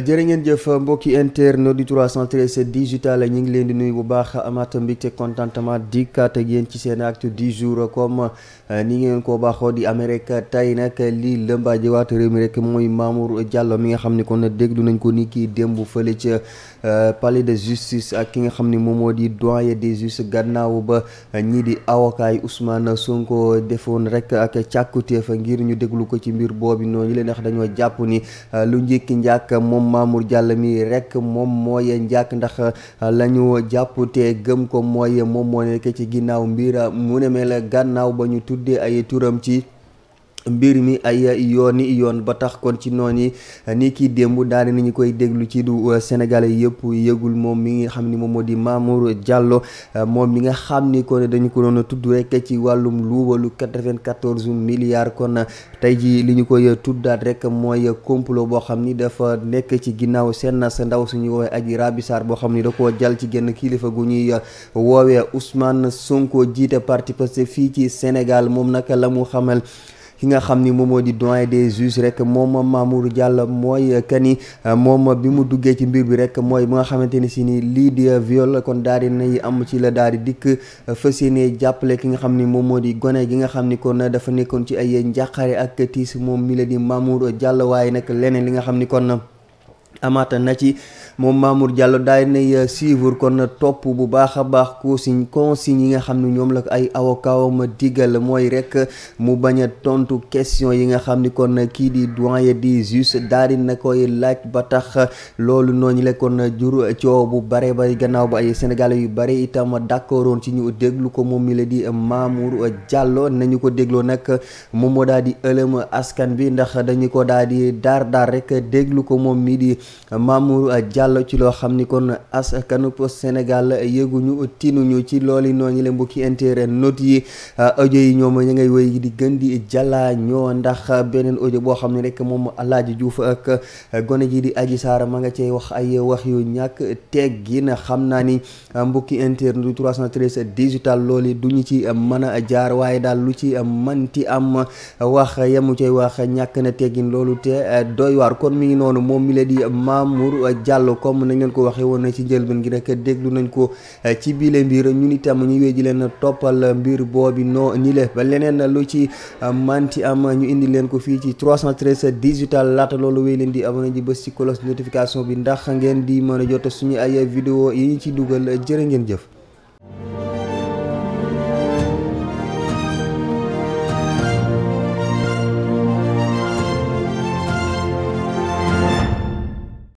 jërë ngeen jëf mbokki interne du 313 digital ñu ngi leen di nuyu bu baax amaat mbégte contentement di ak yéen ci seen acte 10 jours comme euh, ni ngeen ko baaxoo di amee rek tey nag lii lëmbaaji waat réew mi rek mooy Mamour Diallo mi nga xam ne kon déglu nañ ko ni kii démb fële ca euh, palais de justice ak ki nga xam ni moom moo di doyen des juges gannaaw ba ñii di awkaay yi Ousmane Sonko defoon rek ak càkkutéef ngir ñu déglu ko ci mbir boobu noonu ñu leen wax dañoo jàpp ni euh, moom jàll mii mi rek moom mooy njàkk ndax uh, lañu ñu jàpp te gëm ko mooy moom moo nekk ci ginnaaw mbir mu ne mel gannaaw ba ñu tuddee ay turam ci mbir mi ay yooni yoon ba tax kon ci noonu ni kii démb daane nañu koy déglu ci du euh, Sénégalais yëpp yëgul moom mi nga xam ni moom moo di Mamour jàlloo euh, moom mi nga xam ni kon dañu ko doon tudd rek ci wàllum luubalu 94 milliards kon tey ji li ñu koy tuddaat rek mooy complot boo xam ni dafa nekk ci ginnaaw seen sa ndaw suñu woowee Adji Raby Sarr boo xam ni da koo jàll ci genn kilifa gu ñuy euh, woowee Ousmane Sonko jiite parti Pastef fii ci Sénégal moom naka la mu xamal. ki nga xam ni moom moo di doyen des juges rek moom Mamour Diallo mooy kani euh, moom bi mu duggee ci mbir bi rek mooy bi nga xamante ni si ni lii di viol kon daal di nay am ci la daal di dikk euh, fa yéene jàppale ki nga xam ni moom moo di gone gi nga xam ni kon na dafa nekkoon ci ay njàqare ak tiis moom mi la di Mamour Diallo waaye nag leneen li nga xam ni kon amaata na ci moom Mamour Diallo daay nay euh, suivre kon na topp bu baax a baax consigne consigne yi nga xam ne ñoom la ay avocawam digal mooy rek mu bañ a tontu question yi nga xam ni kon na kii di doyen di juste daal di na koy laaj ba tax loolu ñu la kon jur coow bu bare ba gannaaw ba ay Sénégalais yu bare itam d'accordoon ci ñu déglu ko moom mi la di Mamour Diallo nañu ko dégloo nag moom moo daal di ëlëm askan bi ndax dañu ko daal di daar daar rek déglu ko moom jàll ci loo xam ni kon askanu post Sénégal yëguñu tinuñu ci looli nooñu le mbokki intérêt note yi audio yi ñoom ña ngay wéy di gën di jalaa ñoo ndax beneen audio boo xam ne rek moom Alaaji Diouf ak gone ji di Adji Sarr ma nga cay wax ay wax yu ñàkk teggin xam naa ni mbokki intérêt du 313 digital loolu duñu ci mën a jaar waaye daal lu ci manti am wax yamu cay wax ñàkk na teggin loolu te doy waar kon mi ngi noonu moom mi la di Mamour Diallo loolu comme nañ leen ko waxee woon na ci njëlbeen gi rek déglu nañ ko eh, ci biile mbir ñun itam ñu wéy ji leen toppal mbir boobi noo ni le ba leneen lu ci eh, manti am ñu indi leen ko fii ci 313 digital laata loolu wéy leen di abonné ji bës ci cloche notification bi ndax ngeen di mën a jot suñu ay vidéo yi ñu ci dugal jërë ngeen jëf